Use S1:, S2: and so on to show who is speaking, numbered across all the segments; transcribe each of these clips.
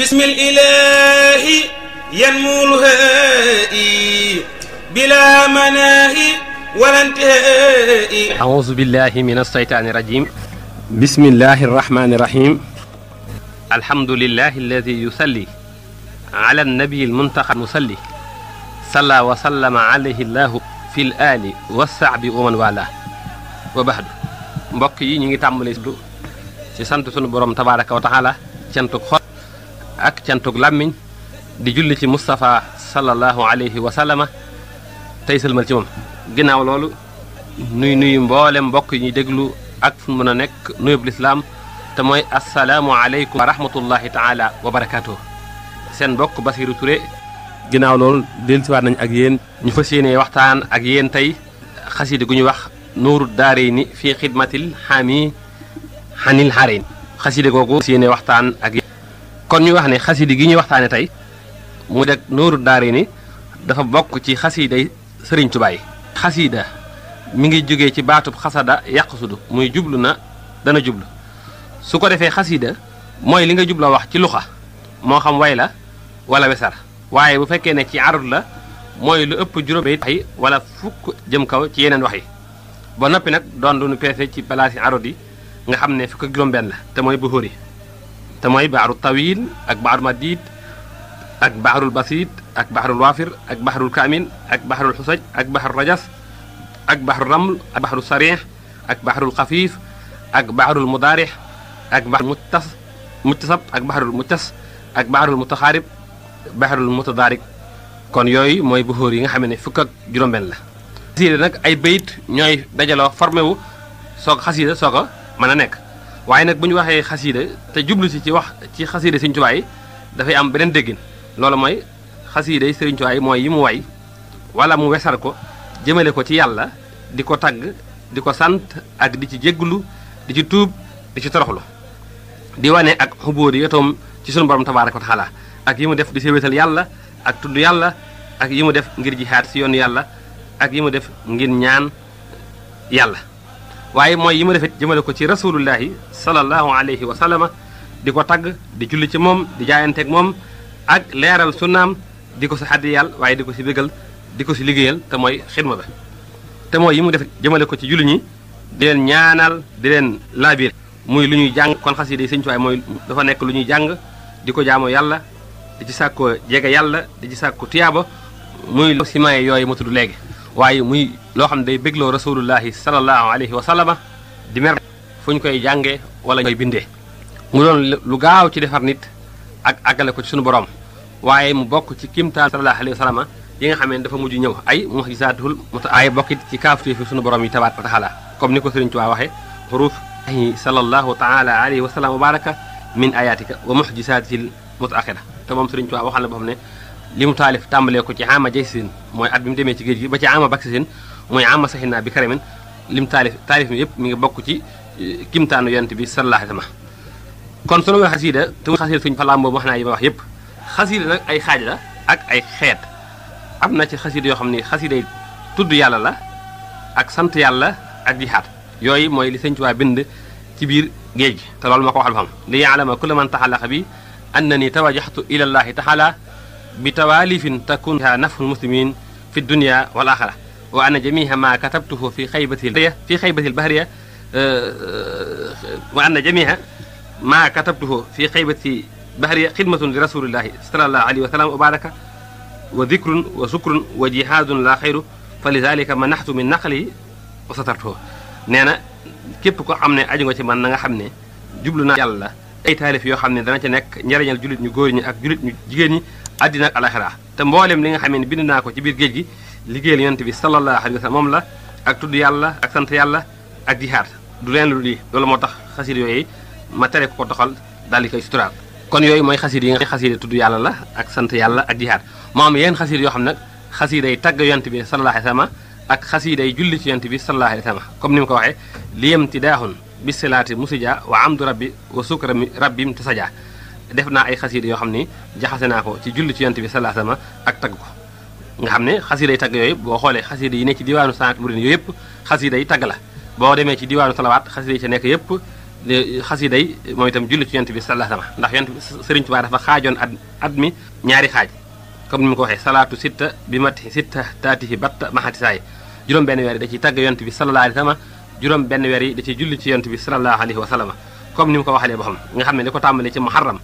S1: بسم الإله ينمو الهائي بلا مناه ولا انتهاء أعوذ بالله من الشيطان الرجيم بسم الله الرحمن الرحيم الحمد لله الذي يصلي على النبي المنتقى المصلي صلى وسلم عليه الله في الآل والصعب ومن والاه وبعد mbokk yi ñu ngi tàmbalee ci sant sunu borom tabaaraka wa ak cantug lamiñ di julli ci mustafa sallallahu alayhi wa sallam tey sëlmal ci mom ginaaw lolu nuy nuy mboolem bokk ñi déglu ak fu mëna nek nuyu nuyub lislaam te moy assalamu alaykum wa rahmatullahi taala wa barakatuh sen bokk Basiru Touré del ci dellusiwaat nañ ak yéen ñu fasiyene waxtaan ak yéen tay xasida guñu wax nuru daarayni fi khidmatil hami hanil harin xasida gogo fasiyene waxtaan ak kon ñu wax ne xasidi gi ñuy waxtaane tey mu deg nooru daari ni dafa bokk ci xasiday sëriñ tubaay xasida mi ngi jóge ci baatub xasada yàqsudu muy jublu na dana jublu su ko defee xasida mooy li nga jubla wax ci luxa moo xam way la wala wesar waaye bu fekkee ne ci arut la mooy lu ëpp juróom bayit wala fukk jëm kaw ci yeneen wax yi ba noppi nag doon lu nu peese ci palaasi arut yi nga xam ne fukk juróom benn la te mooy bu te mooy baxarul tawil ak baxarul madid ak baxarul basit ak baxarul waafir ak baxarul kaamin ak baxarul xusaj ak baxarul rajas ak baxarul raml ak baxarul sarix ak baxarul xafiif ak baxarul mudaarix ak baxarul muttas muttasab ak baxarul muttas ak baxarul mutaxaarib baxarul mutadaarik kon yooyu mooy buxóor yi nga xam ne fukk ak juróom-benn la xasiida nag ay bayit ñooy dajaloo formé wu soog xasiida soog a mën a nekk waaye nag bu ñu waxee xasiida te jublu si ci wax ci xasiida Sëriñ Tuubaa yi dafay am beneen déggin loolu mooy xasiida yi Sëriñ Tuubaa mooy yi mu way wala mu wesar ko jëmale ko ci yàlla di ko tagg di ko sant ak di ci jégglu di ci tuub di ci toroxlu di wane ak xubóor yatoom ci sunu borom tabaaraka wa taala ak yi mu def di séwétal yàlla ak tudd yàlla ak yi mu def ngir jihaad si yoon yàlla ak yi mu def ngir ñaan yàlla waaye mooy yi ma rafet jëmale ko ci rasulullahi sallallahu alayhi wa sallama di ko tagg di julli ci moom di jaayanteeg moom ak leeral sunnaam di ko si xaddiyal waaye di ko si bégal di ko si liggéeyal te mooy xidma ba te mooy yi mu def jëmale ko ci julli ñi di leen ñaanal di leen laabir muy lu ñuy jàng kon xas yi day sëñ waaye mooy dafa nekk lu ñuy jàng di ko jaamoo yàlla di ci sàkko jege yàlla di ci sàkko tuyaaba muy simaye yooyu ma tudd léegi waaye muy loo xam ne day bégloo rasulullahi salallahu alayhi wa sallama di mer fu ñu koy jànge wala koy bindee mu doon lu gaaw ci defar nit ak àggale ko ci suñu borom waaye mu bokk ci kimtaan salallahu alayhi wa sallama yi nga xamee ne dafa mujj ñëw ay muxjisaatul mota ay bokkit ci kaafutée fi suñu borom yi tabaat wa taala comme ni ko Sëriñ Tuubaa waxee xuruuf ahi salallahu taala alayhi wa sallam wa baraka min ayatika wa muxjisatil mutaaxira te moom Sëriñ Tuubaa waxal na ne li mu taalif tàmbalee ko ci ama jay sin mooy at bi mu demee ci géej gi ba ci ama baksa sin mooy ama saxinaa bi karamin li mu taalif taalif mi yëpp mi ngi bokk ci kimtaanu yonent bi sallallahu alayhi wa kon sunu wax xasiida te suñu fa làmboo wax yi wax yëpp xasiida nag ay xaaj la ak ay xeet am na ci xasiida yoo xam ni xasiida yi tudd yàlla la ak sant yàlla ak jihaad yooyu mooy li sëñ Tuubaa bind ci biir géej gi te loolu waxal ba li yaalama kulla man taxalaqa bi annani tawajaxtu ilallahi taxala بتواليف تكون لها نفع المسلمين في الدنيا والآخرة وأن جميع ما كتبته في خيبة البرية في خيبة البهرية آه، آه، وأن جميع ما كتبته في خيبة بهرية خدمة لرسول الله صلى الله عليه وسلم وبارك وذكر وشكر وجهاد لا خير فلذلك منحت من نقلي وسترته نانا na képp ko من ne aju nga ci man na nga xam ne jublu naa yàlla ay taalif yoo xam adina ak alakhira te mbollem li nga xamee bind na ko ci bir géej gi liggéeyal yonent bi sallallahu alayhi wa sallam la ak tuddu yàlla ak sante yàlla ak jihad du len lu li loolu motax khasir yoy ma tere ko doxal dal di sutural kon yoy moy khasir yi nga khasir tuddu yàlla la ak sante yàlla ak jihad moo am yenn xasir yoo xam nag xasir day tag yonent bi sallallahu alayhi wa sallam ak xasir day julli ci yonent bi sallallahu alayhi wa sallam comme nim ko waxe li ti daaxun bi musija wa amdu rabbi wa sukra rabbim tasaja def naa ay xasiida yoo xam ni jaxase naa ko ci julli ci yonent bi sallallahu alayhi wasallam ak tagg ko nga xam ne xasiiday tagg yooyu boo xoolee yi ne ci diwaanu sanat murin yooyu yëpp xasiiday tagg la boo demee ci diwaanu salawaat xasiida ca nekk yëpp xasiida yi itam julli ci yonent bi sallallahu alayhi wasallam ndax yonent Sëriñ Tuubaa dafa xaajoon at at mi ñaari xaaj comme ni mu ko waxee salaatu sitta bi mati sitta taatihi batta juróom benn weer da tagg bi juróom benn weer yi da julli ci bi comme ni mu ko waxalee nga xam ne li ko tàmbalee ci muharram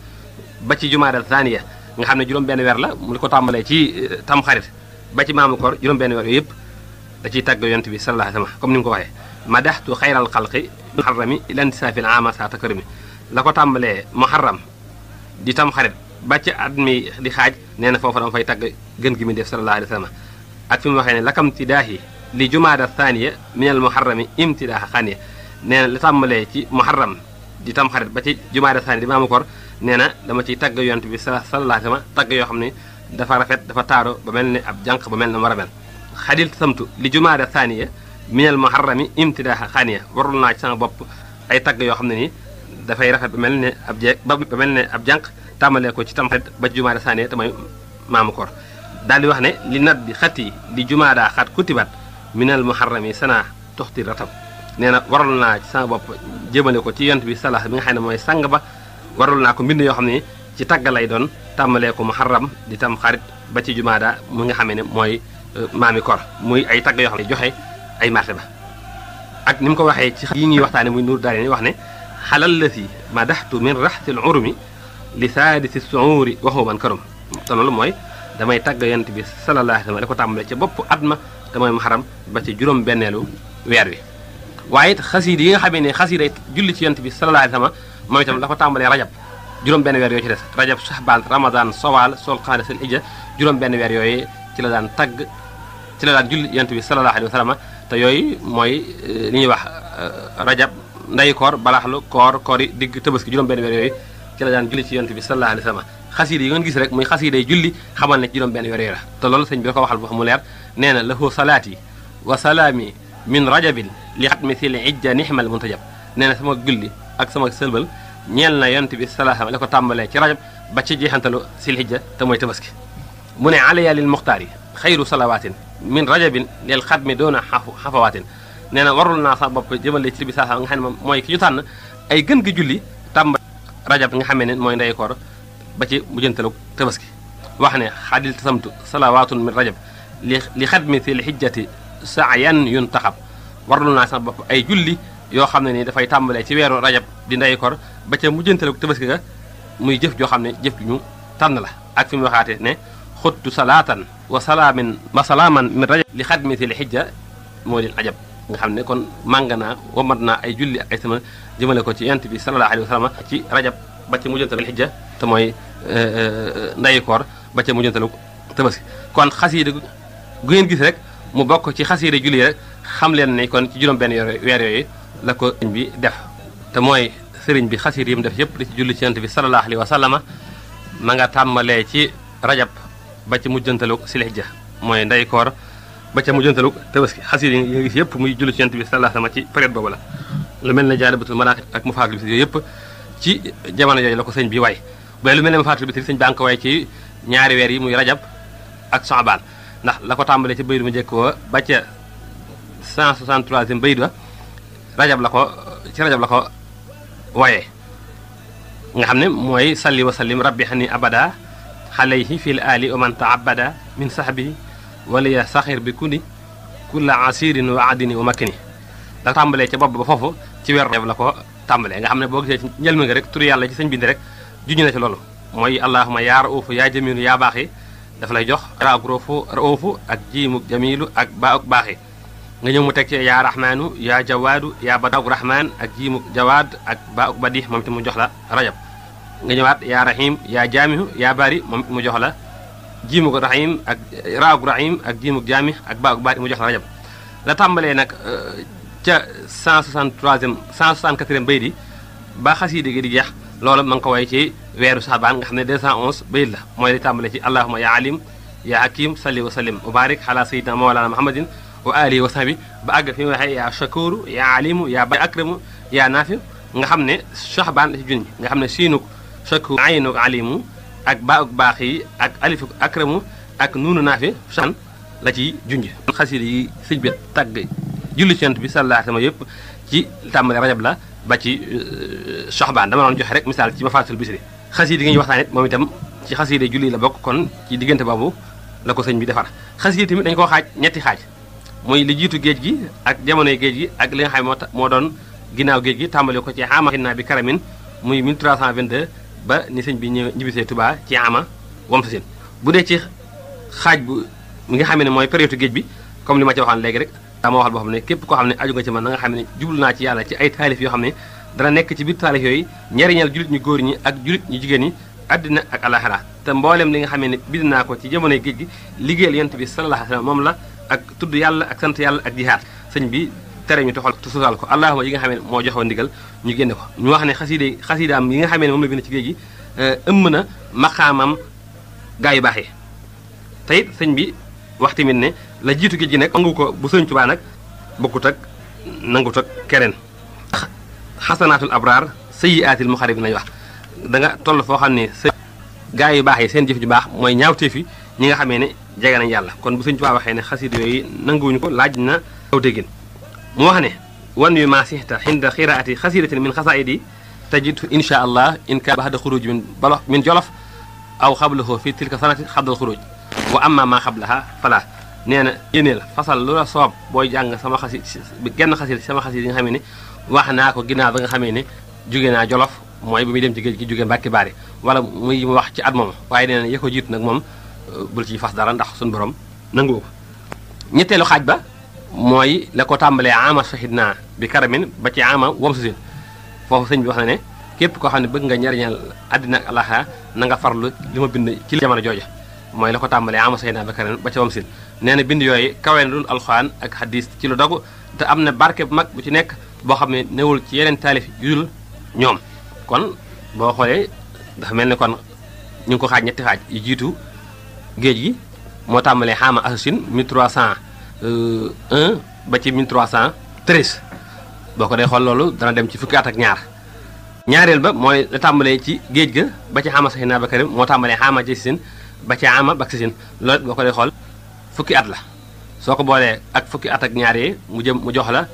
S1: ba ci jumaadal thaniya nga xam ne juróom-benn weer la mu li ko tàmbalee ci tam xarit ba ci maamu koor juróom-benn weer yooyu yëpp da ciy tàgg yonent bi sallallahu alayhi wa sallam comme ni mu ko waxee madaxtu xayral muharrami ila intisaafil aama saa takarimi la ko muharram di tam xarit ba ci at di xaaj nee na dama fay tàgg gën gi mi def sallallahu alayhi wa ak fi mu ne lakam tidahi li jumaada thaniya min al muharrami imtidaaha xaniya nee na la tàmbalee ci muharram di tam xarit ba ci jumaada thaniya di maamu koor nee na dama ciy tagg yonent bi sallallahu alayhi wa sallam tagg yoo xam ne dafa rafet dafa taaro ba mel ni ab jànq ba mel na mu rabel samtu li jumaada saaniya minal muharrami imtidaaha xaaniya warul naa ci sama bopp ay tagg yoo xam ne nii dafay rafet ba mel ne ab jeeg ba mel ne ab jànq tàmbalee ko ci tamxarit ba jumaada saaniya te maamu koor daal di wax ne li nat bi xat yi li xat kutibat minal muharrami sanaa toxti ratab nee na warul naa ci sama bopp jëmale ko ci yonent bi sallallahu mi nga xam ne mooy sang ba warul naa ko mbind yoo xam ne ci tagg lay doon tàmbalee ko muharram di tam xarit ba ci jumaada mu nga xamee ne mooy maami kor muy ay tagg yoo xam ne joxe ay martaba ak ni mu ko waxee ci yi ñuy waxtaane muy nuur daal ni wax ne xalal la si madaxtu min raxtil urumi li saadisi suuri waxu man karum te loolu mooy damay tagg yent bi sallallahu alayhi wa sallam da ko tàmbalee ca bopp at ma te muharram ba ci juróom benneelu weer wi waaye it xasiid yi nga xamee ne xasiid ay julli ci yent bi sallallahu alayhi wa sallam moy tam la ko tàmbalee rajab juróom ben wèr yoy ci dess rajab saxbaan ramadan sawal sol qadis al ijja juróom ben wèr yoy ci la dan tag ci la dan julli yonent bi sallallahu alayhi wa sallam te yooyu mooy li ñi wax rajab nday kor balaxlu kor koor dig tebeski tëbaski juróom benn weer yooyu ci la dan julli ci yonent bi sallallahu alayhi wa sallam xasiida yi ngeen gis rek muy xasiiday julli xamal ne ci juróom ben wèr yoy la te lolu sëñ bi ko waxal bu xamul leer neena lahu salati wa salami min rajab li xatmi sil ijja nihmal muntajab neena sama julli ak sama sëlbal ñel na yonent bi salaam la ko tàmbalee ci rajab ba ci jeexantalu silhijja te moy tabaski mune alayya lil muxtaar khayru salawatin min rajabin lil khadmi duna hafawatin xafawaatin warul na warul bop sax bopp ci bi saha nga xam moy ki ñu tan ay gën gi julli tàmbal rajab nga xamene moy mooy ndey koor ba ci jentalu tabaski wax ne khadil tasamtu salawatun min rajab li khadmi fil hijjati sa'yan yuntakhab warul na sax bop ay julli yoo xam ne nii dafay tàmbalee ci weeru rajab di nday ba ca mujjantale ko tabaski ga muy jëf joo xam ne jëf ñu tànn la ak fi mu waxaate ne xuttu salaatan wa salaamin wa salaaman min rajab li xadmiti li moo leen ajab xam ne kon mànga naa wamat naa ay julli ak ay sama ko ci yent bi sallallahu alayhi wa sallam ci rajab ba ca mujjantale li xijja te mooy eh, eh, ndayi koor ba ca mujjantale tabaski kon xasiida gu ngeen gis rek mu bokk ci xasiida julli rek xam leen ne kon ci juróom benn weer yooyu la ko bi def te mooy sëriñ bi xasir yim def yépp li ci julli ci yonte bi salallahu alayhi wa sallama ma nga tàmmalee ci rajab ba ci mujjantaluk silihja mooy ndey koor ba ca mujjantaluk tabaski xasir yi nga gis yépp muy julli ci yonte bi salallahu alayhi wa sallama ci période boobu la lu mel ne jaalibatul manaqib ak mufaatul bi yépp ci jamono jooju la ko sëñ bi way bu lu mel ne mufaatul bi sëñ baa ngi ko way ci ñaari weer yi muy rajab ak saabaan ndax la ko tàmbalee ci baydu mu njëkk ba ca 163e baydu rajab la ko ci rajab la ko waye nga xamne moy salli wa sallim rabbi hani abada xalayhi fil ali wa man ta'abbada min sahbi wa waliya saxir bi kuni kulla asirin wa adni wa makni da tambale ci bopp ba foofu ci weer rajab la ko tàmbalee nga xamne bo gisé ñelma nga rek tur yàlla ci sëñ bindi rek juñu na ci loolu mooy allahuma yaa raufu yaa jamilu yaa baaxi daf lay jox raag roofu roofu ak jimuk jamilu ak baa ak baaxi nga ñëw mu teg ci yaa rahmaanu yaa jawaadu yaa badaawu rahmaan ak jiimu jawaad ak baa uk moom te mu jox la rajab nga ñëwaat ya rahim yaa jaamihu yaa bari moom mu jox la jiimu ko rahim ak raagu ak jiimu jaamih ak baa uk mu jox la rajab la tàmbalee nag euh, ca 163e 164e bayit yi ba xasiida gi di jeex loolu ma ngi ko way ci weeru saabaan nga xam ne 211 bayit la mooy li tàmbalee ci allahumma yaa alim yaa hakim salli wa sallim wa barik ala sayyidina mawlana muhammadin وآلي وصحبي بأجر في وحي يا شكور يا عليم يا بي أكرم يا نافع نحمنا شحبان جن نحمنا شينك شكور عينك عليم أك باك باخي أك ألف أكرم أك نون نافع شان لجي جن خسيري سجبة تك جلسان بسال الله ما يب جي تامر رجب لا بتي شحبان دمنا نجح رك مثال تي مفاصل البصري خسيري جن يوحنا ممتم خسيري جلي لبكو كون جي دين تبابو لكو سنجبة فار خسيري تيم دين خاج نتي خاج mooy li jiitu géej gi ak jamonoy géej gi ak li nga xam ne moo doon ginnaaw géej gi tàmbali ko ci ama naa bi karamin muy 1322 ba ni sëñ bi ñëw ñibbisee tubaa ci ama wamsasin bu dee ci xaaj bu nga xam ne mooy période géej bi comme li ma ci waxoon léegi rek dama waxal boo xam ne képp koo xam ne aju nga ci man na nga xam ne jublu naa ci yàlla ci ay taalif yoo xam ne dana nekk ci biir taalif yooyu njariñal julit ñu góor ñi ak julit ñu jigéen ñi àddina ak alaxira te mboolem li nga xam ne bind naa ko ci jamonoy géej gi liggéeyal yonent bi sallallahu alayhi wa moom la ak tudd yàlla ak sant yàlla ak jihaat sëñ bi tere ñu toxal te susaal ko allahuma yi nga xamee moo joxoon ndigal ñu génne ko ñu wax ne xasiide xasiidaam yi nga xamee ne moom la bind ci géej gi ëmm na maqaamam gaa yu baax yi te it sëñ bi wax tamit ne la jiitu géej gi nag nangu ko bu sëñ Tuubaa nag bokkut ak nangut ak keneen xasanaatul abraar sayyiaatil muxarib nañu wax da nga toll foo xam ne sa gaa yu baax yi seen jëf ju baax mooy ñaawteefi ñi nga xamee ne jege nañ yàlla kon bu sëñ Tuubaa waxee ne xasida yooyu nanguwuñu ko laaj na aw déggin mu wax ne wan wi maa sixta xinda xiraati xasidatin min xasaidi tajid insha allah in kaa baxda xuruj min balo min jolof aw xablahu fi tilka sanati xabdal xuruj wa amma maa xablaha fala nee na yéene la fasal lu la soob booy jàng sama xasi genn xasida sama xasida yi nga xamee ne wax naa ko ginnaaw ba nga xamee ne jóge naa jolof mooy bu muy dem ci géej gi jóge mbàkki baari wala muy wax ci at moom waaye nee na ya jiitu nag moom bul ci fas dara ndax suñu boroom nangu ko ñetteelu xaaj ba mooy la ko tàmbalee ama shahid naa bi karamin ba ci ama wam susin foofu sëñ bi wax na ne képp koo xam ne bëgg nga njariñal àddina ak alaxa na nga farlu li ma bind ci jamono jooja mooy la ko tàmbalee ama shahid naa bi karamin ba ci wam sin nee na bind yooyu kawee na dul ak hadis ci lu dogu te am na barke bu mag bu ci nekk boo xam ne newul ci yeneen taalif yu dul ñoom kon boo xoolee dafa mel ne kon ñu ko xaaj ñetti xaaj yu jiitu géej gi moo tàmbalee xaama assasin 1301 euh, ba ci 1313 boo ko dee xool loolu dana dem ci fukki at ak ñaar ñaareel ba mooy la tàmbalee ci géej ga ba ci xaama saxina ba karim moo tàmbalee xaama jasisin ba ci xaama bak sisin boo ko dee xool fukki at la soo ko boolee ak fukki at ak ñaar yi mu jëm mu jox la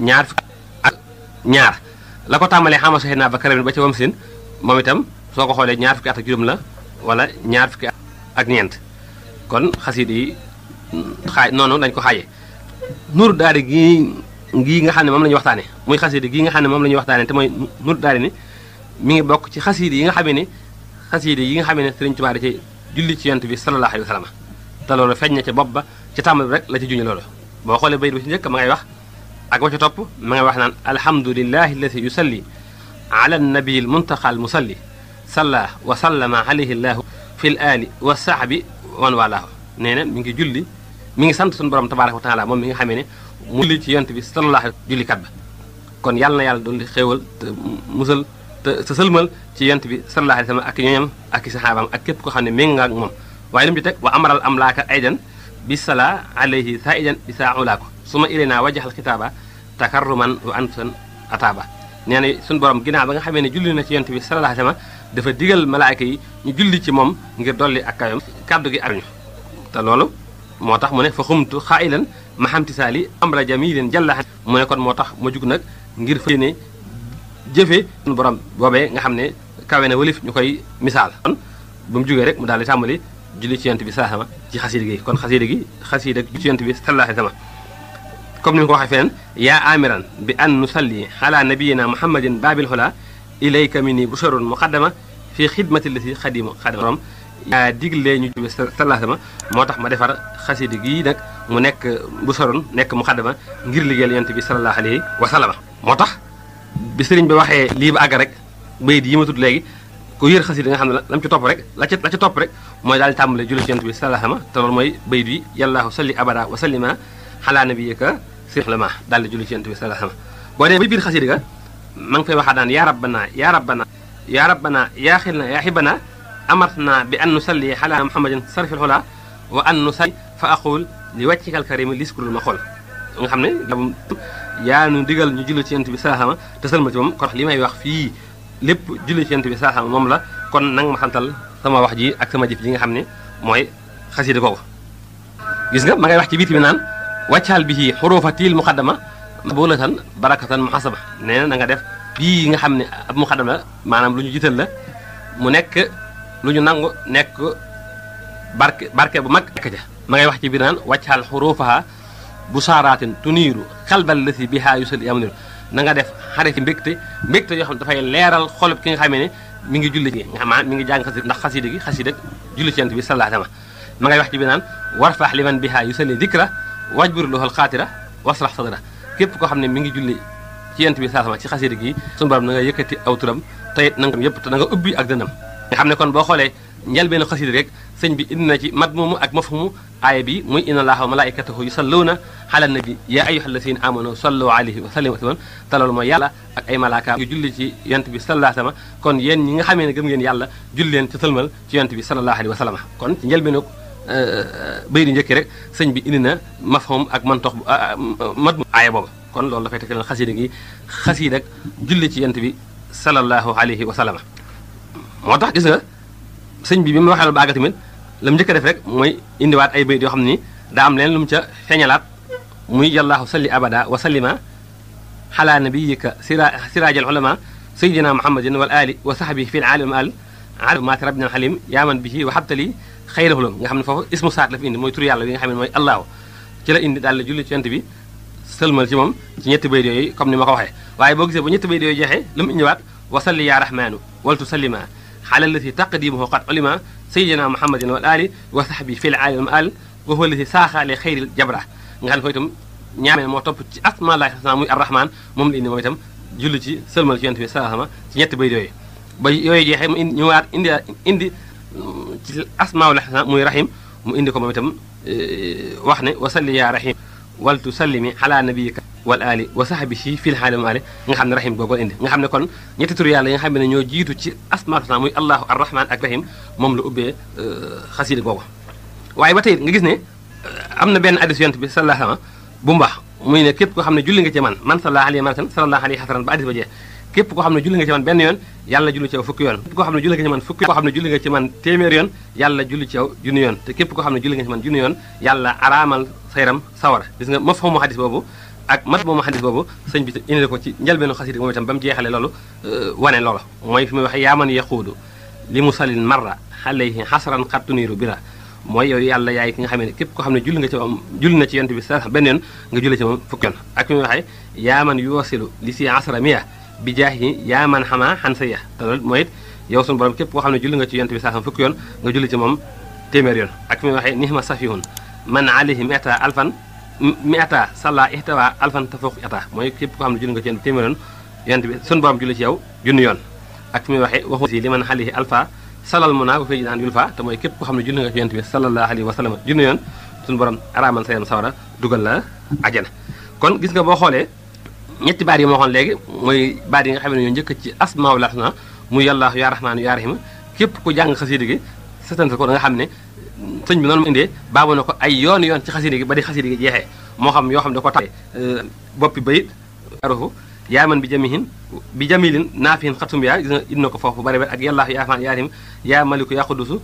S1: ñaar fukki ak ñaar la ko tàmbalee xaama naa ba karim ba ci wam sin moom itam soo ko xoolee ñaar fukki at ak juróom la wala ñaar fukki at ak ñeent kon xasida yi xaaj noonu lañ ko xaye nur daari gi gi nga xamne mom moom waxtane muy xasida gi nga xamne mom moom waxtane te moy nur daari ni mi ngi bok ci xasida yi nga xamne ni xasida yi nga xamne ne Sëriñ Tuubaa ci julli ci yonent bi sallallahu alayhi wa sallam te loolu feeñ na ca ci tàmbali rek la ci juñu lolu bo xolé bayit ci njëkk ma ngay wax ak wa top ma ngay wax nan alhamdulillahi alladi yusalli ala annabi almuntaqa almusalli salla wa sallama alayhi llahu في الآل والصحب وان والله نينا ميغي جولي ميغي سانت سون بروم تبارك وتعالى موم ميغي خاميني مولي تي يونت بي صلى الله جولي كاب كون يالنا يال دول دي خيوال موسل تسلمل تي يونت بي صلى الله عليه وسلم اك نيام اك صحابام اك كيب كو خاني ميغا اك موم واي لم تك وامر الاملاك ايدن بالصلاة عليه سائدا بساع لك ثم إلينا وجه الكتابة تكرما وأنفسا أتابا يعني سن بروم غينا باغا خاميني جولي نتي يونت بي صلى الله عليه وسلم dafa digal malaika yi ñu julli ci mom ngir dolli ak kayam kàddu gi arñu ta lolu motax mu ne fa khumtu khailan ma sali amra jamiilin jalla mu ne kon motax tax ma jug nak ngir fene ne sun borom bobé nga xamné kawe na walif ñukoy misal kon bu mu jógee rek mu daal tàmbali julli ci yonte bi ci xasiida gi kon xasiida gi xasiida ak ci yonte bi alayhi wasallam comme ni ko waxee feneen amiran bi an nusalli ala nabiyyina muhammadin babil hula ilayka minni busharun muqaddama fi xidmati lati xadimu xadamam yaa digle ñu jube salaasama moo tax ma defar xasidi gii nag mu nekk busharun nekk muqaddama ngir liggéeyal yonent bi sallallahu alayhi wa sallama moo tax bi sëriñ bi waxee lii ba àgg rek bayit yi ma tudd léegi ku yër xasida nga xam ne lam ci topp rek la ca la ca topp rek mooy daal tàmbale julli ci yonent bi salaasama te loolu mooy bayit yi yallaahu salli abada wa sallima xalaa nabiyika sixlama daal di julli ci yonent bi salaasama boo dee ba biir xasidi ga ما نكفي وحدان يا ربنا يا ربنا يا ربنا يا خلنا يا حبنا أمرتنا بأن نصلي على محمد صرف الحلا وأن نصلي فأقول لوجهك الكريم ليسكر المخول nga xam ne yaa nu digal ñu julli ci yent bi saaxama te sëlma ci moom kon li may wax fii lépp julli ci yent bi saaxama moom la kon nang ma xantal sama wax ji ak sama jëf ji nga xam ne mooy xasida googu gis nga ma ngay wax ci biiti bi naan wàccaal bi ci xuruufa tiil muqaddama maqbuulatan barakatan muhasaba nee na na nga def bii nga xam ne ab muqaddam la maanaam lu ñu jiital la mu nekk lu ñu nangu nekk barke barke bu mag ak ja ma ngay wax ci biir naan wàccaal xuruufaha bu saaraatin tuniiru xalbal lësi yusal yamniru na nga def xare ci mbégte mbégte xam ne dafay leeral xolub ki nga xamee mi ngi julli nga xam mi ngi jàng xasida ndax xasida gi xasida julli ci bi sallallahu alayhi wa ma ngay wax ci bi naan warfax liman bihaa yusali dikra wajbur lohal xaatira wasrax sadra كيف كو خامني ميغي جولي سي ينت بي ساسما سي خاسيري كي سون بارام نغا ييكاتي اوترام تاي نانغام ييب تا نغا اوبي اك دانام خامني كون بو خولي نيال بينو خاسيد ريك سيني بي اندنا سي مدمومو اك مفهومو اي بي ان الله وملائكته يصلون على النبي يا ايها الذين امنوا صلوا عليه وسلموا تسليما تلال ما يالا اك اي ملائكه يو جولي سي ينت الله عليه كون يين نيغا خامي ني گم يين يالا جولين تي سلمال سي ينت الله عليه وسلم كون نيال بينو Euh, euh, bay di njëkk rek sëñ bi indi na mafhum ak mantox ah, ah, mat mu aaya booba kon loolu dafay tegtal xasida gi xasida ak julli ci yant bi sallallahu alayhi wa sallam moo tax gis nga sëñ bi bi mu waxee la baaga tamit la mu njëkk a def rek mooy indiwaat ay bayit yoo xam ni daa am leen lu mu ca feeñalaat muy yallaahu salli abada wa sallima xalaa nabiyika sira siraajal ulama sayyidina muhammadin wal ali wa sahbihi fi al alim al alamati rabbina al halim yaaman bihi wa habtali خيره لهم يا حمد فوق اسمه سعد لفيني ما يطري على حمد ما الله كلا إن دال جل جنت بي سلم الجمام جنت بيدو كم نما كواه وعي بوجز بنت بيدو جه لم إن جواب وصل يا رحمن ولتسلم على الذي تقدمه قد علم سيدنا محمد والآل وصحبه في العالم آل وهو الذي ساخ لخير الجبرة نحن فويتم نعم الموتوب أسمى الله سلام الرحمن مملي إن فويتم جل جي سلم الجنت بي سلام جنت بيدو بي يوجي حمد نما إندي ci asmaawul xasna muy rahim mu indi ko moom itam wax ne wa salli yaa rahim wal tusallimi ala nabiyika wal ali wa sahbihi fil haali mu ali nga xam ne rahim googu indi nga xam ne kon ñetti tur yàlla yi nga xam ne ñoo jiitu ci asmaawul xasna muy allahu arrahman ak rahim moom la ubbee xasiida googu waaye ba tey nga gis ne am na benn addis yonent bi sallallahu alayhi wa sallam bu mu wax muy ne képp koo xam ne julli nga ci man man sallallahu alayhi wa sallam sallallahu alayhi hasanan ba addis ba jeex كيف كو خامنا جولي نغا سي مان بن يون يالا جولي سي فوك يون كو خامنا جولي نغا سي مان فوك كو خامنا جولي نغا سي مان تيمير يون يالا جولي سي جوني يون تي كيف كو خامنا جولي نغا سي مان جوني يون يالا ارامال خيرام ساور غيس نغا مفهوم حديث بوبو اك مات بوم حديث بوبو سيني بي اندي كو سي نيال بينو خاسيت مو تام بام جيخالي لولو واني لولو موي فيمي واخ يامن يخود لمصل المره عليه حسرا قد نيرو بلا موي يوي يالا ياي كيغا خامي كيف كو خامنا جولي نغا سي مام جولي نتي يونتي بي صالح بنين نغا جولي سي مام فوك يون اك مي واخ يامن يوصلو لسي عصر مياه bi jaahi ya man xamaa han sa ya te loolu mooy it yow sun borom kep ko xamne julli nga ci yonte saxam saasam fukki nga julli ci mom temer yon ak fi waxe nihma safihun man alayhi miata alfan miata salla ihtawa alfan tafuq ata moy kep ko xamne julli nga ci temer yon yoon sun borom julli ci yow jun yon ak fi waxe waxu li man alfa salal mu naa ko fii naan yul fa te mooy képp koo xam julli nga ci yonte sallallahu alayhi wa sallam jun yon sun borom sayam sawara dugal la ajana kon gis nga bo xole ñetti baat yi ma waxoon léegi mooy baat yi nga xam ne ñoo njëkk ci asmaa wal husna muy yàlla yaa rahmaanu yaa rahim képp ku jàng xasida gi sëtante ko da nga xam ne sëñ bi noonu mu indee baabu na ko ay yoon yoon ci xasida gi ba di xasida gi jeexee moo xam yoo xam da ko tax boppi bayit aruhu yaa man bi jamihin bi jamilin naafihin xatum yaa gis nga indi na ko foofu bari ak yàlla yaa rahmaanu yaa rahim yaa maliku yaa xudusu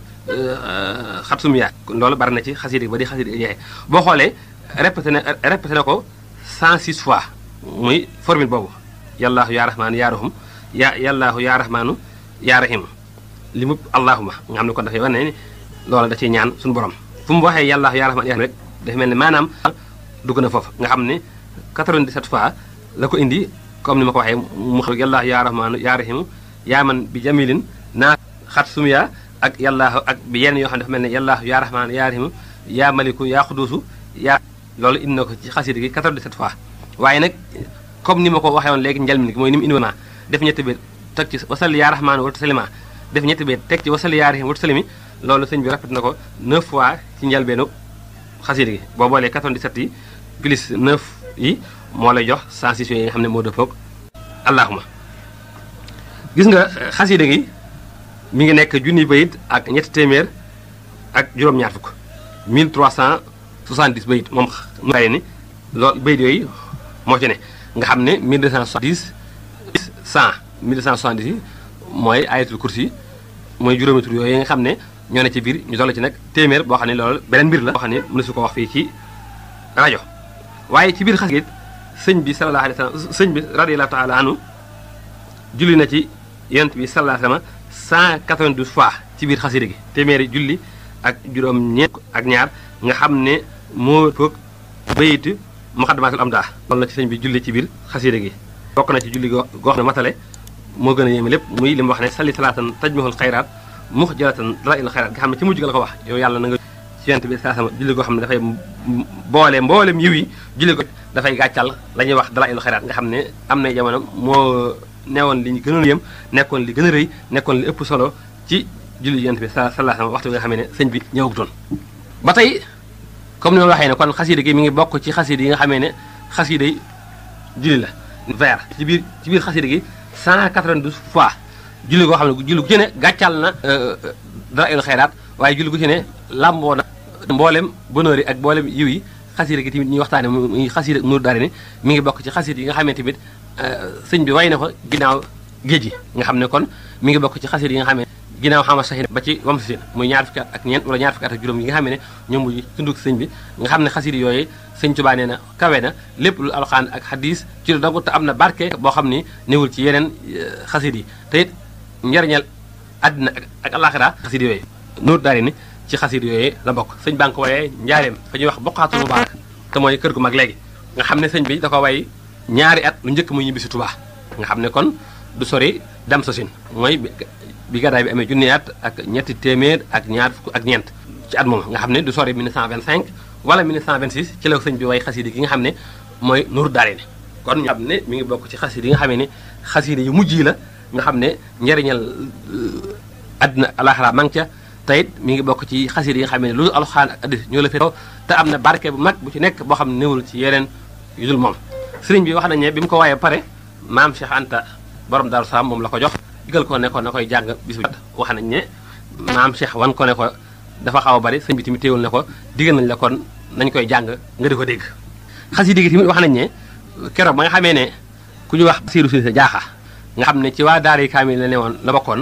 S1: xatum yaa loolu bari na ci xasida gi ba di xasida gi jeexee boo xoolee répété na répété na ko 106 fois muy formule boobu yàllaahu yaa rahmaan yaa rahum yaa yàllaahu yaa rahmaanu yaa rahim li mu allahuma nga xam ne kon dafay wane ne loola da ciy ñaan suñu borom fu mu waxee yàllaahu yaa rahmaan yaa rahim rek mel ne maanaam dugg na foofu nga xam ne 97 fois la ko indi comme ni ma ko waxee mu xam yàllaahu yaa rahmaanu yaa rahimu yaa man bi jamilin naa xat sumya ak yàllaahu ak bi yenn yoo xam ne dafa mel ne yàllaahu yaa rahmaanu yaa rahimu yaa maliku yaa xuduusu yaa loolu indi na ko ci xasida gi 97 fois waaye nag comme ni ma ko waxee woon léegi njëlbéen gi mooy ni mu indiwoon def ñetti beet teg ci wasal yaa rahmaani wa taslima def ñetti beet teg ci wasal yaa rahim wa taslimi loolu sëñ bi rafet na ko 9 fois ci njëlbéenu xasida gi boo boolee 97 yi plus 9 yi moo lay jox 106 yi nga xam ne moo dëppoog allahuma gis nga euh, xasida gi mi ngi nekk junni bayit ak ñetti téeméer ak juróom-ñaar fukk 1370 bayit moom mu ni loolu bayit yooyu moo ci ne nga xam ne 1270 100 1270 yi mooy ayatul kursi yi mooy juróomi tur yooyu nga xam ne ñoo ne ci biir ñu dolli ci nag téeméer boo xam ne loolu beneen mbir la boo xam ne mënu su ko wax fii ci rajo waaye ci biir xas it sëñ bi sallallahu alayhi wa sëñ bi radiyallahu taala anu julli na ci yonent bi sallallahu alayhi wa sallam fois ci biir xasida gi téeméeri julli ak juróom ñeent ak ñaar nga xam ne moo foog muxaddamaatul am daa loolu ci sëñ bi julli ci biir xasiida gi bokk na ci julli goo xam ne matale moo gën a yéeme lépp muy li mu wax ne salli salaatan tajmihul xayraat mux jalatan dara xam ne ci mujj ga la ko wax yow yàlla na nga ci yent bi saasama julli goo xam ne dafay boole mboolem yiw yi julli ko dafay gàccal la ñuy wax dara il xayraat nga xam ne am na jamono moo neewoon li ñu gënoon yëm nekkoon li gën a rey nekkoon li ëpp solo ci julli yent bi salaasama waxtu bi nga xam ne sëñ bi ñëwagutoon comme ni ma waxee ne kon xasida gi mu ngi bokk ci xasida yi nga xamee ne xasida yi julli la vers ci biir ci biir xasida gi 192 fois julli goo xam ne julli gu ci ne gàccal na euh, euh, dara il xayraat waaye julli gu ci ne làmboo na mboolem yi ak mboolem yiw yi xasida gi tamit ñuy waxtaane muy xasida Nuuru Daarayni mi ngi bokk ci xasida yi nga xamee tamit euh, sëñ bi way na ko ginnaaw géej gi nga xam ne kon mu ngi bokk ci xasida yi nga xamee ginnaaw xama saxin ba ci wam sin muy ñaar fukki ak ñeent wala ñaar fukki ak juróom yi nga xam ne ñoom mujj tunduk sëñ bi nga xam ne xasida yooyu sëñ Tuubaa nee na kawe na lépp lu alxaan ak xadis ci lu dangu te am na barke boo xam ni néewul ci yeneen euh, xasida yi te it njariñal àddina ak alaxira xasida yooyu nóor daari ni ci xasida yooyu la bokk sëñ baa ngi ko wayee njaareem fa ñuy wax boqaatu mubaarak te mooy kër gu mag léegi nga xam ne sëñ bi da ko way ñaari at lu njëkk mu ñibbisi Tuubaa nga xam ne kon du sori dam sosin bi gàddaay bi amee junni at ak ñetti téeméer ak ñaar fukk ak ñeent ci at moom nga xam ne du sore 1925 wala 1926 ci la sëñ bi way xasida gi nga xam ne mooy Nuuru Daarayni kon ñu xam ne mi ngi bokk ci xasida yi nga xam ne xasida yu mujj yi la nga xam ne njëriñal euh, àddina alaxira ma ngi ca te it ngi bokk ci xasida yi xam ne loolu alxuraan ak hadiis ñoo la féetoo te am na barke bu mag bu ci nekk boo xam ne néewul ci yeneen yu dul moom sëriñ bi wax nañ ne bi mu ko waayee pare maam Cheikh Anta borom daal Salaam moom la ko jox digal ko ne ko na koy jàng bisu wax nañ ne maam Cheikh wan ko ne ko dafa xaw bari sañ bi tamit téewul ne ko digal nañ la kon nañ koy jàng nga di ko dégg xasida gi tamit wax nañ ne keroog ba nga xamee ne ku ñu wax siiru si jaaxa nga xam ne ci waa daara yi kaamil la newoon la bokkoon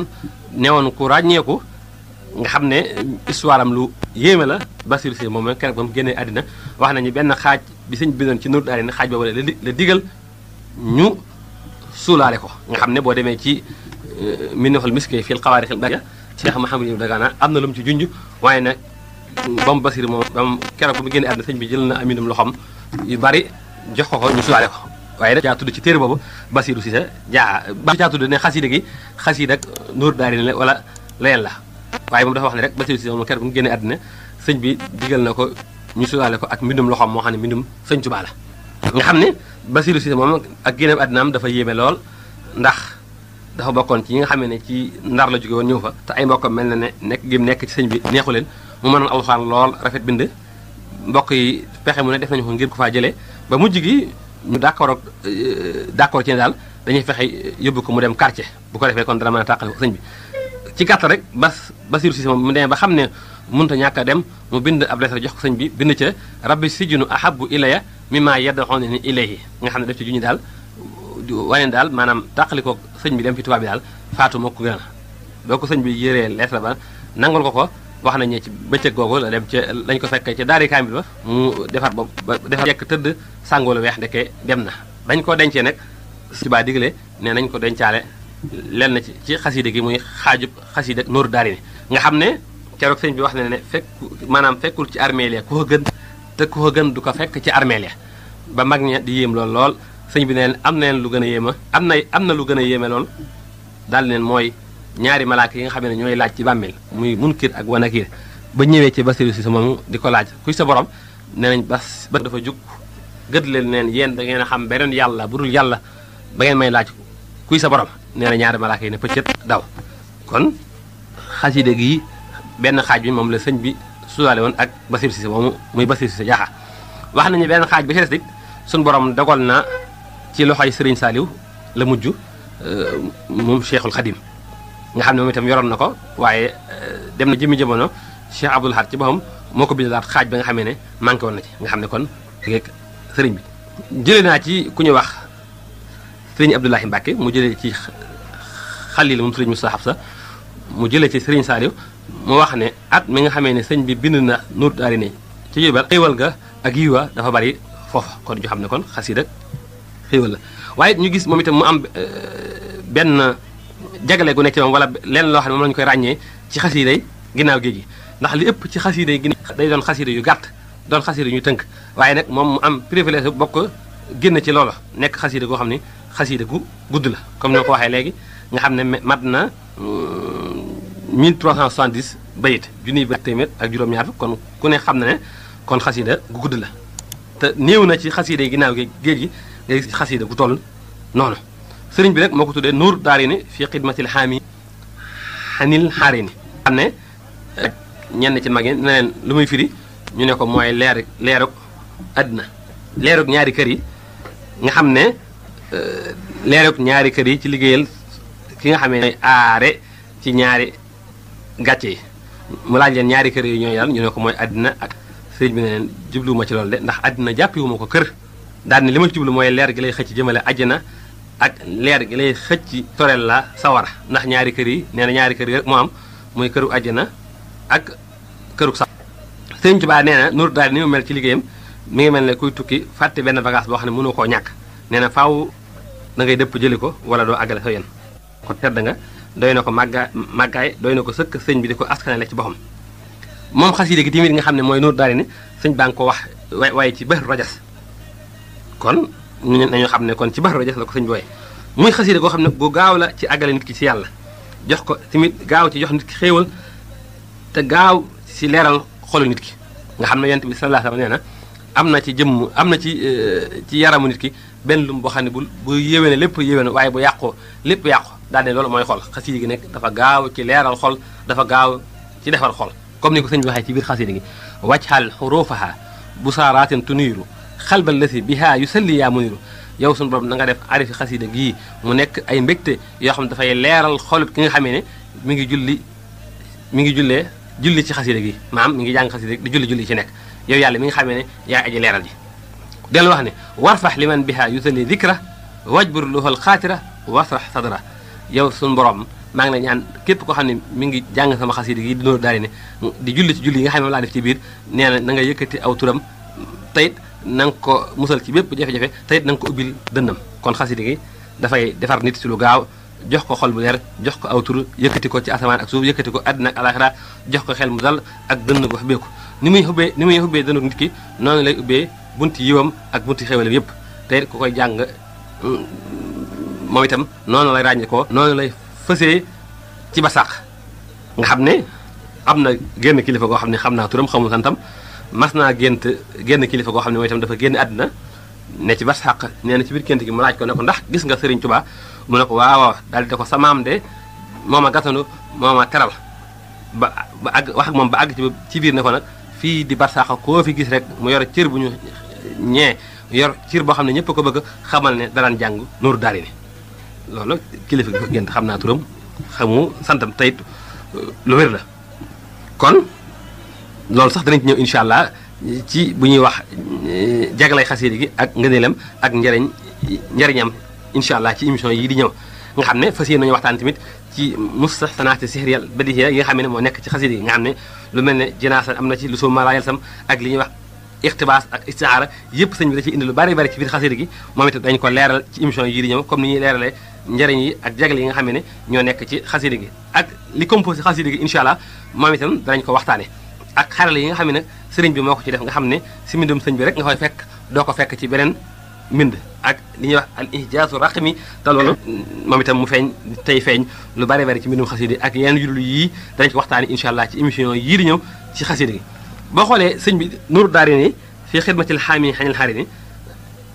S1: newoon ku ràññeeku nga xam ne histoire lu yéeme la Basiru Si moom keroog ba mu génnee àddina wax nañu benn xaaj bi sañ bi ci nur daari xaaj boobu la diggal ñu suulaale ko nga xam ne boo demee ci min nexul miske fil xawaarixil baria Cheikh Mahamadou Ibn Dagana am na lu mu ci junj waaye nag bam Basir moom bam keroog bu mu génnee àdduna sëñ bi jël na aminum loxoom yu bari jox ko ko ñu suwaale ko waaye nag jaa tudd ci téere boobu Basiru Sise jaa ba jaa tudd ne xasida gi xasida ak Nuur Daarayni la wala leneen la waaye moom dafa wax ne rek Basiru Sise moom keroog bu mu génnee àdduna sëñ bi digal na ko ñu suwaale ko ak mbindum loxoom moo xam ne mbindum sëñ Tuubaa la nga xam ne Basiru Sise moom ak génneem àddunaam dafa yéeme lool ndax dafa bokkoon ci yi nga xamee ne ci ndar la jóge woon ñëw fa te ay mbokkam mel na ne nekk gim nekk ci sëñ bi neexu leen mu mënoon alxuraan lool rafet bind mbokk yi pexe mu ne def nañu ko ngir ko faa jëlee ba mujj gi ñu d'accord euh, d'accord ci ne daal dañuy fexe yóbbu ko mu dem karce bu ko defee kon dara mën a tàqale ko sëñ bi ci gàttal rek bas Basiru Sise moom mu demee ba xam ne mënut a ñàkk a dem mu bind ab lettre jox ko sëñ bi bind ca illa rabbi sijunu ahabu ilaya mimma yad'unani ilayhi nga xam ne def ci juñu daal waneen daal maanaam tàqali ko sëñ bi dem ci tubaab bi daal faatu moo ko gën a boo ko sëñ bi yëree lettre ba nangul ko ko wax nañ ci bëccëg googu la dem ca lañ ko fekk ca daari kaamil ba mu defar boobu ba defar jekk tëdd sàngoo lu weex ndeke dem na dañ koo dencee nag si baa digle ne nañ ko dencaale lenn ci ci xasida gi muy xaajub xasida nooru daari ni nga xam ne keroog sëñ bi wax na ne fekk maanaam fekkul ci armeel ya ku ko gën te ku ko gën du ko fekk ci armeel ya ba mag ña di yéem lool lool sëñ bi neen am na leen lu gën a yéema am na am na lu gën a yéeme lool daal neen mooy ñaari malaaka yi nga xam ne ñooy laaj ci bàmmeel muy munkir ak wanakir ba ñëwee ci basiru si sa moom di ko laaj kuy sa borom nee nañ bas ba dafa jug gëd leen neen yéen da ngeen a xam beneen yàlla bu yàlla ba ngeen may laaj kuy sa borom nee na ñaari malaaka yi ne pëccët daw kon xasida gi benn xaaj bi moom la sëñ bi sudaale woon ak basiru si moomu muy basiru sa jaaxa wax nañu benn xaaj bi ci des it suñu na ci loxoy Serigne Saliou la mujj euh, moom Cheikhul Khadim nga xam ne moom itam yoroon na ko waaye euh, dem na jëmmi jamono Cheikh Abdoul ci boppam moo ko bindalaat xaaj bi nga xamee ne manqué woon na ci nga xam ne kon léeg sëriñ bi. jëlee naa ci ku ñu wax sëriñ Abdoulahi Mbacke mu jëlee ci xalil moom sëriñ Moussa Hafsa mu jëlee ci sëriñ Saliou mu wax ne at mi nga xamee ne sëñ bi bind na Nuuru Daarayni ci yóbbal xéewal ga ak yiwa dafa bari foofa kon ñu xam ne kon xasiida xéewal la waaye ñu gis moom itam mu am euh, benn jagale gu nekk ci moom wala lenn loo xam ne moom la ñu koy ràññee ci xasiida yi ginnaaw géej gi ndax li ëpp ci xasiida yi day doon xasiida yu gàtt doon xasiida ñu tënk waaye nag moom mu am bokk génn ci loola nekk xasiida goo xam ne xasiida gu gudd la comme ni ko waxee léegi nga xam ne mat na 1370 euh, bayit junniy bayit téeméer ak juróom-ñaar kon ku ne xam na ne kon xasiida gu gudd la te néew na ci xasiida yi ginnaaw géej gi ngay gis xasida gu toll noonu sëriñ bi nag moo ko tuddee nuur daari ni fii xidmatil xaami xanil xaari ni xam ne eh, ñenn ci mag yi ne leen lu muy firi ñu ne ko mooy leer leerug àddina leer ñaari kër yi nga xam ne eh, leerug ñaari kër yi ci liggéeyal ki nga xamee ne ci ñaari gàcce laaj ñaari kër yi ñooy yàlla ñu ne ko mooy àddina ak sëriñ bi ne leen jubluwuma ci loolu de ndax àddina jàppiwuma ko kër daal ne li ma jublu mooy leer gi lay xëcc jëmale àjjana ak leer gi lay xëcc torel la sawara ndax ñaari kër yi nee na ñaari kër yi rek këru àjjana ak këru sawara Sëriñ Tuubaa nee na nur daal ni mu mel ci liggéeyam mi ngi mel ne kuy tukki fàtte benn bagage boo xam ne mënu koo ñàkk nee na faaw da ngay dëpp ko wala doo àggale sa yéen nga doy na ko màgga màggaay doy na ko sëkk sëñ bi di ko askanale ci boppam moom xas yi léegi tamit nga xam ne mooy nur daal ni sëñ baa ngi ko wax waaye ci bër rajas kon ñu ñu xamne kon ci baxaru jox la ko sëñ boy muy xasiida go xamne ne gaaw la ci àggale nit ki ci yàlla jox ko timit gaaw ci jox nit ki xewal te gaaw ci leral xol nit ki nga xamne ne bi sallallahu alayhi wasallam nee na am ci jëm amna ci ci yaramu nit ki ben lu bo xamne bu yéwéne lépp yéwéne waye bu yàqoo lépp yàqu dal ne lolu moy xol xasiida gi nek dafa gaaw ci leral xol dafa gaaw ci defar xol comme ni ko sëñ bi waxee ci bir xasiida gi wajhal hurufaha busarat bu xalbal lasi bihaa yu salli yaa muniru yow suñu borom na nga def arifi xasida gii mu nekk ay mbégte yoo xam ne dafay leeral xolub ki nga xamee ne mi ngi julli mi ngi jullee julli ci xasida gi maam mi ngi jàng xasida di julli julli ci nekk yow yàlla mi nga xamee ne yaa aji leeral ji dellu wax ne warfax liman biha yusalli dikra wajbur lohal xaatira wasrax sadra yow suñu borom maa ngi la ñaan képp koo xam ne mi ngi jàng sama xasida gi di noonu daal ne di julli ci julli yi nga xam ne moom laa def ci biir nee na na nga yëkkati aw turam tayit na ko musal ci bépp jafe-jafe te it ko ubbil dënnam kon xasida gi dafay defar nit si lu gaaw jox ko xol bu leer jox ko aw tur ko ci asamaan ak suuf yëkkati ko àddina ak alaxira jox ko xel mu dal ak dënn gu xubbeeku ni muy xubbee ni muy xubbee dënnu nit ki noonu lay ubbee bunti yiwam ak bunti xewalam yëpp te it koy jàng moom itam noonu lay ràññeekoo ko noonu lay fësee ci basaax nga xam ne am na génn kilifa goo xam ne xam naa turam xamul santam mas naa gént génn kilifa goo xam ne mooy itam dafa génn àddina ne ci bas nee na ci biir gént gi mu laaj ko ne ko ndax gis nga sëriñ Touba mu ne ko waaw waaw daal di ko samaam de moo ma gàttanu moo ma teral ba ba àgg wax ak moom ba àgg ci biir ne ko nag fii di barsaaxa koo fi gis rek mu yor cër bu ñu ñee yor cër boo xam ne ñëpp ko bëgg xamal ne daraan jàng nooru daari ni loolu kilifa gi fa gént xam naa turam xamu santam tayit lu wér la loolu sax danañ ñëw inshallah ci bu ñuy wax jagalay xasida gi ak ngeenelam ak njariñ njariñam inshallah ci émission yi di ñëw nga xamne fasiyé fas yéene nañu waxtaan tamit ci mustahsanat sihriyal badihiya yi nga xamne mo moo nekk ci xasida gi nga xamne lu melne ne amna ci lu soo malaayal sam ak li ñuy wax ixtibaas ak istihara yëpp sëñ bi da ci indi lu bari bari ci bir xasida gi moom itam dañu ko leral ci émission yi di ñëw comme ni ñuy leralé njariñ yi ak jagal yi nga xamne ño ñoo nekk ci xasida gi ak li composé xasida gi inshallah allah moom itam ko waxtaane ak xarale yi nga xam ne nag sëriñ bi moo ko ci def nga xam ne si mindum sëñ bi rek nga koy fekk doo ko fekk ci beneen mind ak li ñuy wax al ihjaasu raqmi te loolu moom itam mu feeñ tey feeñ lu bari bari ci mbindum xasidi ak yeneen yu dul yii danañ ko waxtaani incha allah ci émission yii di ñëw ci xasidi gi boo xoolee sëñ bi nuru daari ni fi xidmatil xaami xañal xaari ni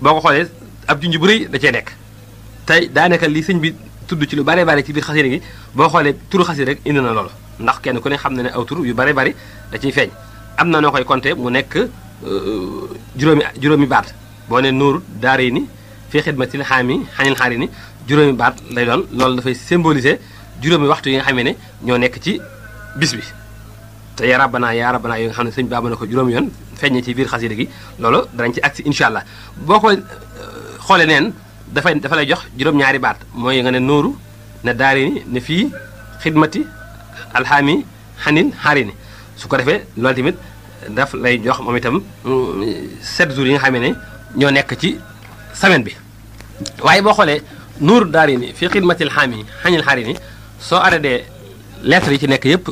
S1: boo ko xoolee ab junj bu rëy da cee nekk tey daanaka li sëñ bi tudd ci lu bari bari ci biir xasidi gi boo xoolee turu xasidi rek indi na loolu ndax kenn ku ne xam na ne aw tur yu bari bari da ciy feeñ am na noo koy compté mu nekk juróomi juróomi baat boo ne nooru daare ni fii xidmatil xaami xanil xaari ni juróomi baat lay doon loolu dafay symboliser juróomi waxtu yi nga xamee ne ñoo nekk ci bis bi te ya rabbanaa ya rabbanaa yi nga xam ne sëñ baaba na ko juróomi yoon feeññe ci biir xasida gi loolu danañ ci agsi incha allah boo ko xoolee neen dafay dafa lay jox juróom-ñaari baat mooy nga ne nooru ne daare ni ne fii xidmati alxaami xanin xarini su ko defee loolu tamit daf lay jox moom itam sept jours yi nga xam ne ñoo nekk ci semaine bi waaye boo xoolee nuuru daarini fii xidmatil xaami xañil xarini soo arrêté lettres yi ci nekk yëpp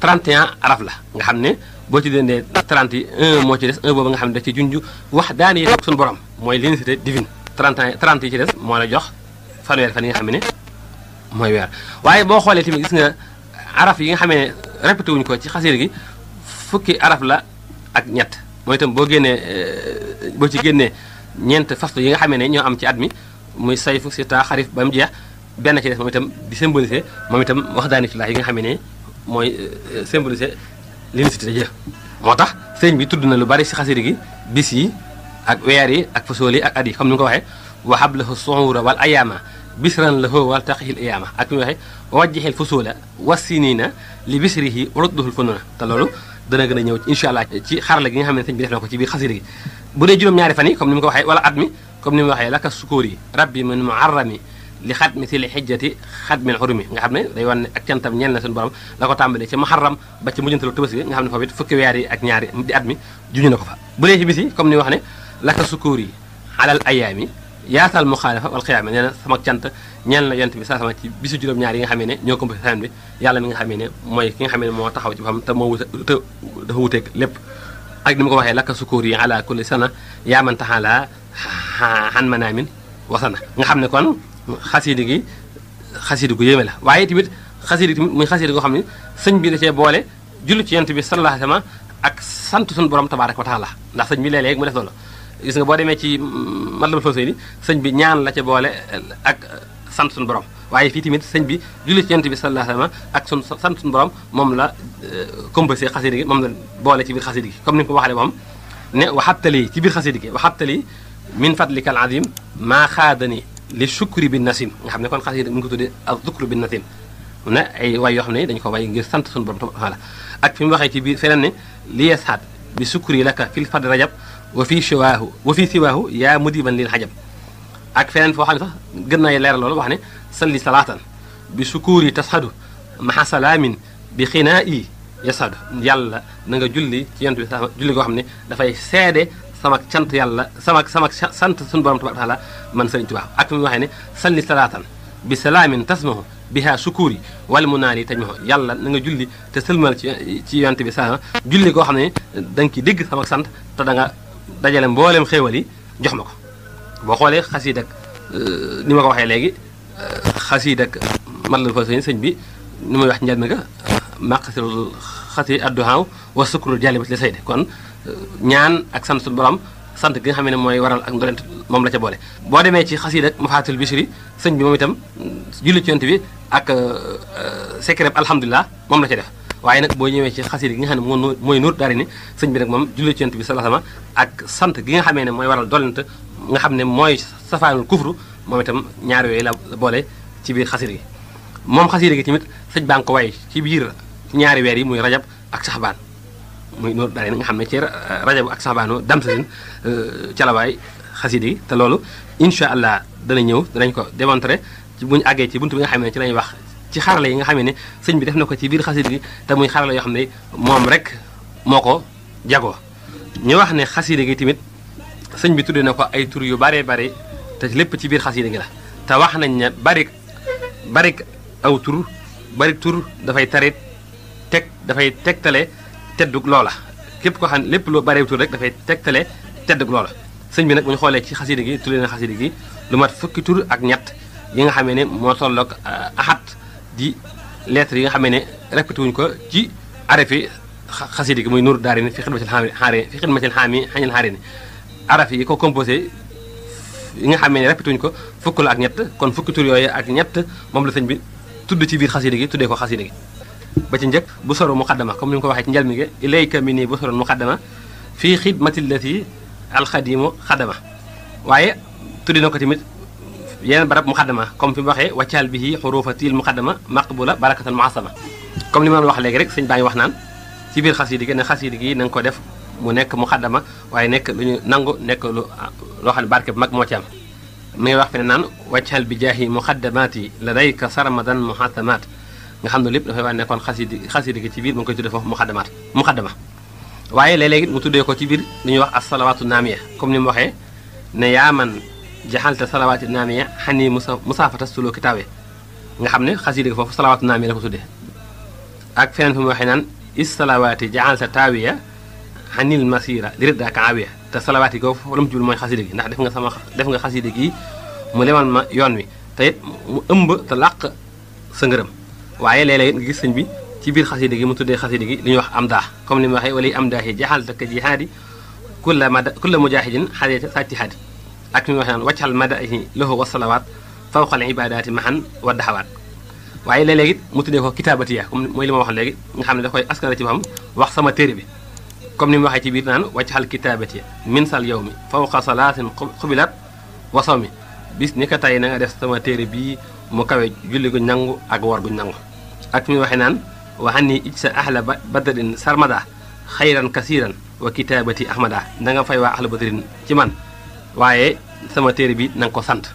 S1: 31 araf la nga xam ne boo ci dendee 31 moo ci des 1 boobu nga xam ne daf ci junj wax daani yi suñu borom mooy l'unicité divine 31 30 yi ci des moo la jox fanweer fan yi nga xam ne mooy weer waaye boo xoolee tamit gis nga araf yi nga xamee répété wuñ ko ci xasir gi fukki araf la ak ñett mooy itam boo génnee boo ci génnee ñeent fastu yi nga xamee ne ñoo am ci at mi muy sayfu sita xarif ba mu jeex benn ci def moom itam di symboliser moom itam wax daani fi laa yi nga xamee ne mooy symboliser l'unicité de Dieu moo tax sëñ bi tudd na lu bari si xasir gi bis yi ak weer yi ak fasool yi ak at yi comme ni nga ko waxee waxab lahu suhura wal ayaama بشرا له والتقه الأيامة أكمل هاي ووجه الفصول والسنين لبشره ورده الفنون تلولو دنا غنا إن شاء الله تي خار لك نيها من ثين بيحنا كتي بي خسري بودي جلوم نعرف أني كم نمكو حي ولا أدمي كم نمكو حي لك السكوري ربي من معرمي لخدمة الحجة خدمة الحرمة نعم ديوان أكتن تام نيال نسون برام لكو تام بلي محرم بتي مجن تلو تبسي نعم نفوت فك وياري أكنياري مدي أدمي جوني نكفا بودي جبسي كم نمكو حي لك السكوري على الأيامي yaatal muxaalafa wal xiyaama nee na sama cant ñeel na yonent bi saa sama ci bisu juróom-ñaar yi nga xamee ne ko xamee bi yàlla mi nga xamee ne ki nga xamee ne taxaw ci xam te moo te dafa wuteeg lépp ak ni ko waxee lakka sukuur ala kulli sana yaa man taxala xan manaamin wasana nga xam ne kon xasiidi gi xasiidi gu yéeme la waaye tamit xasiidi tamit muy xasiidi goo xam sëñ bi da cee boole julli ci yonent bi sallallahu alayhi wa ak sant suñu borom tabaaraka taala ndax sëñ bi leeg mu def loolu gis nga boo demee ci Matlabul Fawzayni sëñ bi ñaan la ca boole ak sant sun borom waaye fii tamit sëñ bi julli ci yonent bi sallallahu alayhi wa sallam ak sun sant sun borom moom la composé xasida gi moom la boole ci biir xasida gi comme ni ko waxale moom ne wa waxabtali ci biir xasida gi waxabtali min fadlika al azim ma xaadani li shukri bin nasim nga xam ne kon xasida mu ngi ko tuddee ak zukru bin nasim ne ay way yoo xam ne dañu ko way ngir sant sun borom taala ak fi mu waxee ci biir feneen ne li yesaat bi sukri laka fil fadl rajab wa fii siwaahu wa fii siwaahu yaa mudiban lil xajab ak feneen foo xam ne sax gën naa leeral loolu wax ne salli salaatan bi sukuuri tasxadu maxa salaamin bi xinaa i yasadu yàlla na nga julli ci yonent bi sa julli goo xam ne dafay seede samak cant yàlla samak samak sant sun borom tabaraka taala man sëriñ Tuubaa ak fi mu waxee ne salli salaatan bi salaamin tasmahu biha sukuuri wal munaari tajmahu yàlla na nga julli te sëlmal ci ci yonent bi sa julli goo xam ne da nga ciy dégg samak sant te da nga dajale mbooleem xéewal yi jox ma ko boo xoolee xasiid ak euh, ni ma ko waxee léegi euh, xasiid ak matlal fa sëñ sëñ bi ni muy wax njal mi nga maqasil xasi adduhaaw wa sukkurul jalibat li saydi kon euh, ñaan ak sant suñu borom sant gi nga xam ne mooy waral ak ndolent moom la ca boole boo demee ci xasiid ak mafaatul bisri sëñ bi moom itam julli ci yonent bi ak secret alhamdulilah moom la ca def waaye nag boo ñëwee ci xasir gi nga xam ne moo mooy nuur dari ni sëñ bi nag moom julli ci yonent bi sallallahu alayhi wasallam ak sant gi nga xamee ne mooy waral dolent nga xam ne mooy safaanul kufru moom itam ñaar la boole ci biir xasir gi moom xasir gi tamit sëñ baa ngi ci biir ñaari weer yi muy rajab ak saxbaan muy nuur dari nga xam ne ci rajab ak saxbaanu damsasin euh, calawaay xasida yi te loolu incha allah dana ñëw danañ ko démontrer ci bu ñu àggee ci bunt bi nga xam ne ci lañuy wax ci xarala yi nga xam ne sëñ bi def na ko ci biir xasida gi te muy xarala yoo xam ne moom rek moo ko jagoo ñu wax ne xasida gi tamit sëñ bi tuddee na ko ay tur yu bare bare te lépp ci biir xasida gi la te wax nañ ne bari bari aw tur bari tur dafay tarit teg dafay tegtale teddug loola képp ko xam lépp loo bari tur rek dafay tegtale teddug loola sëñ bi nag bu ñu xoolee ci xasida gi tudde na xasida gi lu mat fukki tur ak ñett yi nga xame ne moo tolloog uh, axat di lettres yi nga xam ne répété wuñ ko ci arafi xasida gi muy nuuru daarayni fi xidmatil xaami fi xidmatil xaami xañil xaarini araf yi ko composé yi nga xam ne répété wuñ ko fukk ak ñett kon fukku tur yoy ak ñett mom la sëñ bi tudd ci biir xasida gi tuddé ko xasida gi ba ci njëkk bu soro muqaddama comme ni ko waxé ci njëlmi ge ilayka minni bu soro muqaddama fi xidmatil lati al khadim khadama wayé na ko tamit yeneen barab muqaddama comme fi mu waxee waccaal bihi xurufatil muqaddama maqbula barakatal muasama comme li ma wax léegi rek sëñ baa ngi wax naan ci biir xasida gi ne xasida gi na nga ko def mu nekk muqaddama waaye nekk lu ñu nangu nekk lu loo xam ne barke bu mag ci am mi wax fi ne naan bi jaahi muqaddamaat ladayka sarmadan muhatamaat nga xam lépp dafay wax nekkoon xasida xasida gi ci biir mu ngi koy tuddee foofu muqaddama waaye leeg mu tuddee ko ci biir li ñuy wax asalawaatu naamiya comme ni mu waxee ne yaa man jaxante salawaati naamiya xani musa musaafata suluki tawe nga xam ne xasiida gi foofu salawaatu naamiya la ko tudde ak feneen fu mu waxee naan is salawaati jaxante taawiya xanil masira di rëdd ak aawiya te salawaati ko foofu la mu jublu mooy xasiida gi ndax def nga sama def nga xasiida gi mu lemal ma yoon wi te it mu ëmb te làq sa ngërëm waaye léeg-léeg nga gis sëñ bi ci biir xasiida gi mu tuddee xasiida gi li ñuy wax am daax comme ni mu waxee wala am daax yi jaxante ka jihaadi kulla mujahidin xadee sàcci haadi ak mi waxee waccal madaihi lahu wasalawaat fawqal ibadaati maxan wa daxawaat waaye léeg-léeg it mu tuddee ko kitaabatiya comme mooy li ma wax léegi nga xam ne daf koy askana ci ba xam wax sama téere bi comme ni mu waxee ci biir naan waccal kitaabatiya min sal yow mi fawqa salaasin xubilaat wa saw mi bis ni ko tey na nga def sama téere bii mu kawe julli gu nangu ak wor gu nangu ak mi waxee naan waxan ni ij sa ahla badrin sarmada xayran kasiran wa kitaabati ahmada da nga fay waa ahla badrin ci man waye sama téré bi nang ko sante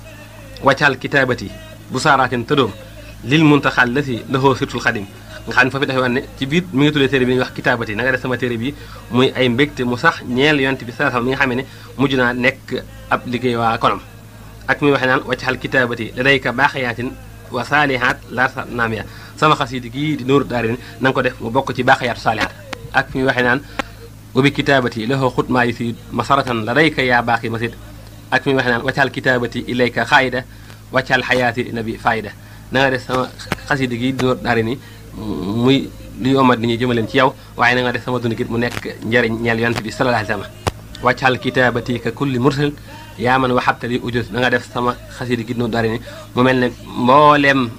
S1: waccal kitabati bu saaraatin tëddoom lil muntakhal lati si sirtul khadim nga xam ne dafa dafay ci biir mi ngi tuddee téere bi ñu wax kitaabati na nga def sama téere bi muy ay mbégte mu sax ñeel yonte bi saa mi nga xam ne mujj naa nekk ab liggéey waa konam ak mi waxee naan waccal kitaabati da day ka baaxayaatin wa saalihaat laa naamiya sama xasidi gi di nooru daarin na nga ko def mu bokk ci baaxayaatu saalihaat ak mi waxee naan ubi kitaabati laxoo xutmaa yi si masaratan la day ka yaa baax yi masit ak fi mu waxee naan waccaal kitaabati ilayka xaayida waccaal xayaati nabi fayda na nga def sama xasida gi Nuur Daarayni muy lu yomat ni ñu jëmaleen ci yow waaye na nga def sama dund mu nekk njëriñ ñeel yonent bi sallallahu alayhi wa sallam waccaal kitaabati ka kulli mursal yaa man waxabtali ujus def sama xasida gi Nuur Daarayni mu mel ne mbooleem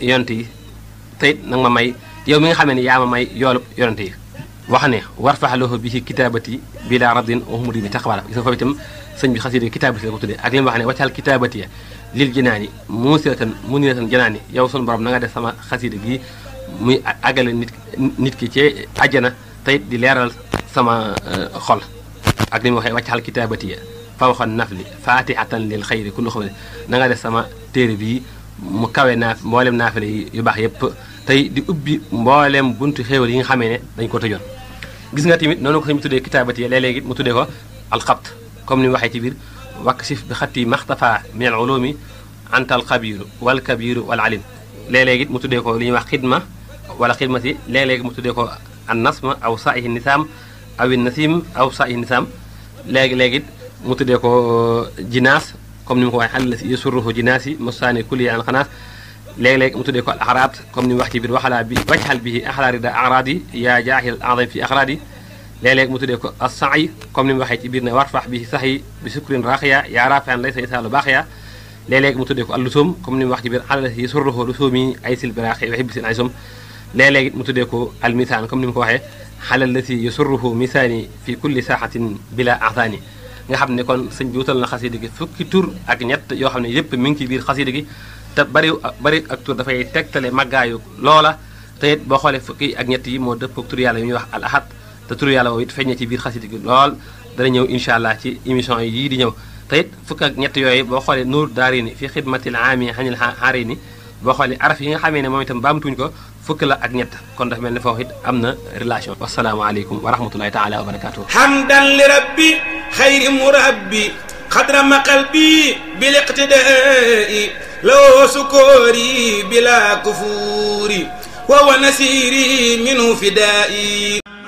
S1: yonent yi tey nag ma may yow mi nga xamee ni yaa ma may yoolu yonent yi wax ne war faxaloo bi ci kitaabati bi laa radin waxumudi bi taxawaala gis nga foofu itam sëñ bi xasida kitaabati ko tuddee ak li mu wax ne lil jinaani muusiratan muniratan jinaani yow sun borom nga def sama xasida gi muy àggale nit nit ki ci àjjana tey di leeral sama xol ak li mu waxee waccaal kitaabati ya fa waxoon naf li lil xayri kullu xam nga def sama téere bii mu kawe naaf mboolem naafale yu baax yëpp tey di ubbi mboolem buntu xéewal yi nga xamee ne dañ ko tëjoon gis nga tamit noonu ko tamit tuddee kitaabat yi léeg-léeg it mu tuddee ko alxabt comme ni mu waxee ci biir waksif bi xatti maxtafa min al ulumi anta al xabiru wal kabiru wal alim léeg-léeg it mu tuddee ko li ñuy wax xidma wala xidmati léeg-léeg mu tuddee ko an nasma aw saihi nisaam aw nasim aw saihi nisaam léegi-léegi it mu tuddee ko jinaas comme ni mu ko waxee xal si yasurruhu jinaasi musaani kulli an xanaas léeg-léeg mu tuddee ko al axraad comme ni wax ci biir waxalaa bi wajxal bihi axraari da axraad yi yaa jaaxil fi axraad yi léeg-léeg mu tuddee ko as saay comme ni mu ci biir ne warfax bi sahi yi bi sukrin raaxiya yaa raafaan lay sa isaalu baaxiya léeg-léeg mu tuddee ko al lusum comme ni mu wax ci biir xal si yasurruhu lusumi ay sil biraaxi waxib sin ay sum mu tuddee ko al misaan comme ni mu ko waxee xalal la yasurruhu misaani fi kulli saaxatin bila a'thani nga xamne kon sëñ bi wutal na khasside gi fukki tour ak ñet yo xamne yépp mi ngi ci biir khasside gi te bari bari ak tur dafay tektale màggaayu loola te it bo xolé fukki ak ñet yi mo dëpp ak tur yàlla yu ñuy wax al ahad te tour yàlla wit it ci biir khasside gi lool dana ñëw inshallah ci émission yi di ñëw te it fukk ak ñet yoy bo xolé nur darini fi khidmatil aami hanil harini bo xolé xoolee araf yi nga xamne mom itam bamtuñ ko fukk la ak ñett kon dafa mel ni foofu it am na relation wasalaamaaleykum wa rahmatulahi taala wa barakaatu hamdan li rabbi xayri murabbi xadra maqalbi bil iqtidaai law sukoori bila kufuuri wa wa nasiri minu fidaai